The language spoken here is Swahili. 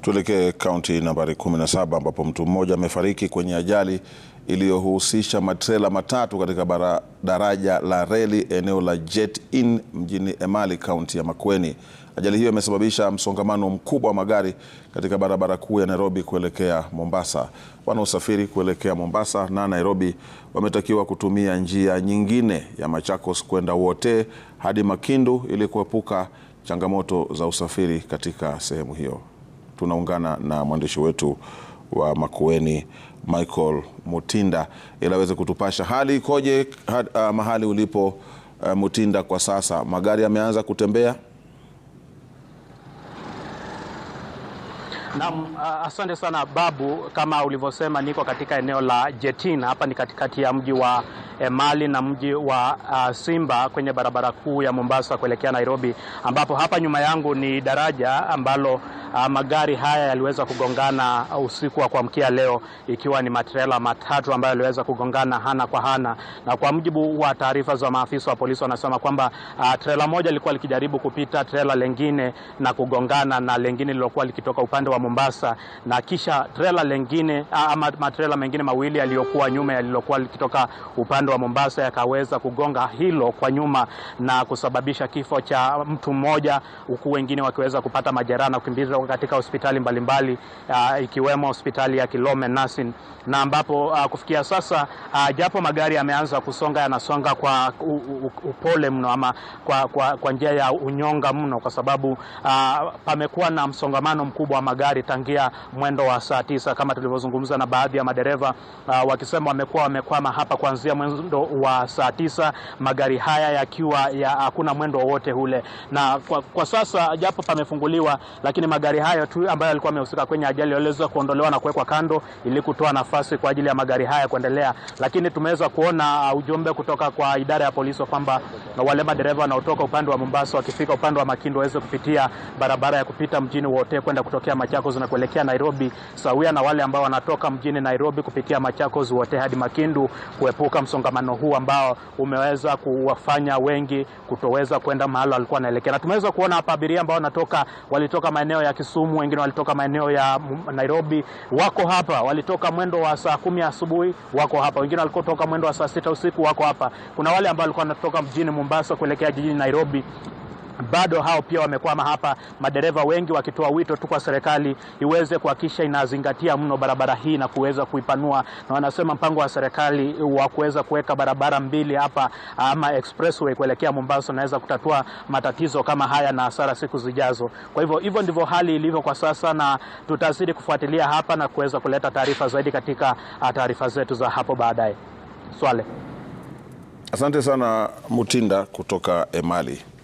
Tuelekee kaunti nambari 17 ambapo mtu mmoja amefariki kwenye ajali iliyohusisha matrela matatu katika bara, daraja la reli eneo la Jet Inn mjini Emali, kaunti ya Makueni. Ajali hiyo imesababisha msongamano mkubwa wa magari katika barabara kuu ya Nairobi kuelekea Mombasa. Wanaosafiri kuelekea Mombasa na Nairobi wametakiwa kutumia njia nyingine ya Machakos kwenda Wote hadi Makindu ili kuepuka changamoto za usafiri katika sehemu hiyo tunaungana na mwandishi wetu wa Makueni Michael Mutinda ili aweze kutupasha hali ikoje, uh, mahali ulipo uh, Mutinda, kwa sasa magari yameanza kutembea? Naam, asante sana Babu. Kama ulivyosema, niko katika eneo la Jetin. Hapa ni katikati ya mji wa Emali na mji wa uh, Simba kwenye barabara kuu ya Mombasa kuelekea Nairobi, ambapo hapa nyuma yangu ni daraja ambalo uh, magari haya yaliweza kugongana usiku wa kuamkia leo, ikiwa ni matrela matatu ambayo yaliweza kugongana hana kwa hana, na kwa mujibu wa taarifa za maafisa wa polisi wanasema kwamba uh, trela moja lilikuwa likijaribu kupita trela lengine na kugongana na lengine lilokuwa likitoka upande wa Mombasa, na kisha trela lengine ama matrela mengine mawili yaliyokuwa nyuma yalilokuwa likitoka upande wa Mombasa yakaweza kugonga hilo kwa nyuma na kusababisha kifo cha mtu mmoja, huku wengine wakiweza kupata majeraha na kukimbizwa katika hospitali mbalimbali mbali, ikiwemo hospitali ya Kilome Nursing na ambapo uh, kufikia sasa uh, japo magari yameanza kusonga, yanasonga kwa u, u, upole mno ama kwa, kwa, kwa njia ya unyonga mno, kwa sababu uh, pamekuwa na msongamano mkubwa wa magari magari tangia mwendo wa saa tisa, kama tulivyozungumza na baadhi ya madereva uh, wakisema wamekuwa wamekwama hapa kuanzia mwendo wa saa tisa, magari haya yakiwa ya hakuna mwendo wowote ule, na kwa, kwa sasa japo pamefunguliwa, lakini magari hayo tu ambayo yalikuwa yamehusika kwenye ajali yaliweza kuondolewa na kuwekwa kando ili kutoa nafasi kwa ajili ya magari haya kuendelea, lakini tumeweza kuona uh, ujumbe kutoka kwa idara ya polisi kwamba uh, wale madereva wanaotoka upande wa Mombasa wakifika upande wa Makindu waweze kupitia barabara ya kupita mjini wote kwenda kutokea macha Machakos na kuelekea Nairobi, sawia na wale ambao wanatoka mjini Nairobi kupitia Machakos wote hadi Makindu, kuepuka msongamano huu ambao umeweza kuwafanya wengi kutoweza kwenda mahali walikuwa wanaelekea. Na tumeweza kuona hapa abiria ambao wanatoka walitoka maeneo ya Kisumu, wengine walitoka maeneo ya Nairobi, wako hapa, walitoka mwendo wa saa kumi asubuhi, wako hapa, wengine walikuwa toka mwendo wa saa sita usiku, wako hapa. Kuna wale ambao walikuwa wanatoka mjini Mombasa kuelekea jijini Nairobi bado hao pia wamekwama hapa, madereva wengi wakitoa wito tu kwa serikali iweze kuhakikisha inazingatia mno barabara hii na kuweza kuipanua, na wanasema mpango wa serikali wa kuweza kuweka barabara mbili hapa ama expressway kuelekea Mombasa unaweza kutatua matatizo kama haya na hasara siku zijazo. Kwa hivyo hivyo ndivyo hali ilivyo kwa sasa, na tutazidi kufuatilia hapa na kuweza kuleta taarifa zaidi katika ah, taarifa zetu za hapo baadaye. Swale, asante sana Mutinda kutoka Emali.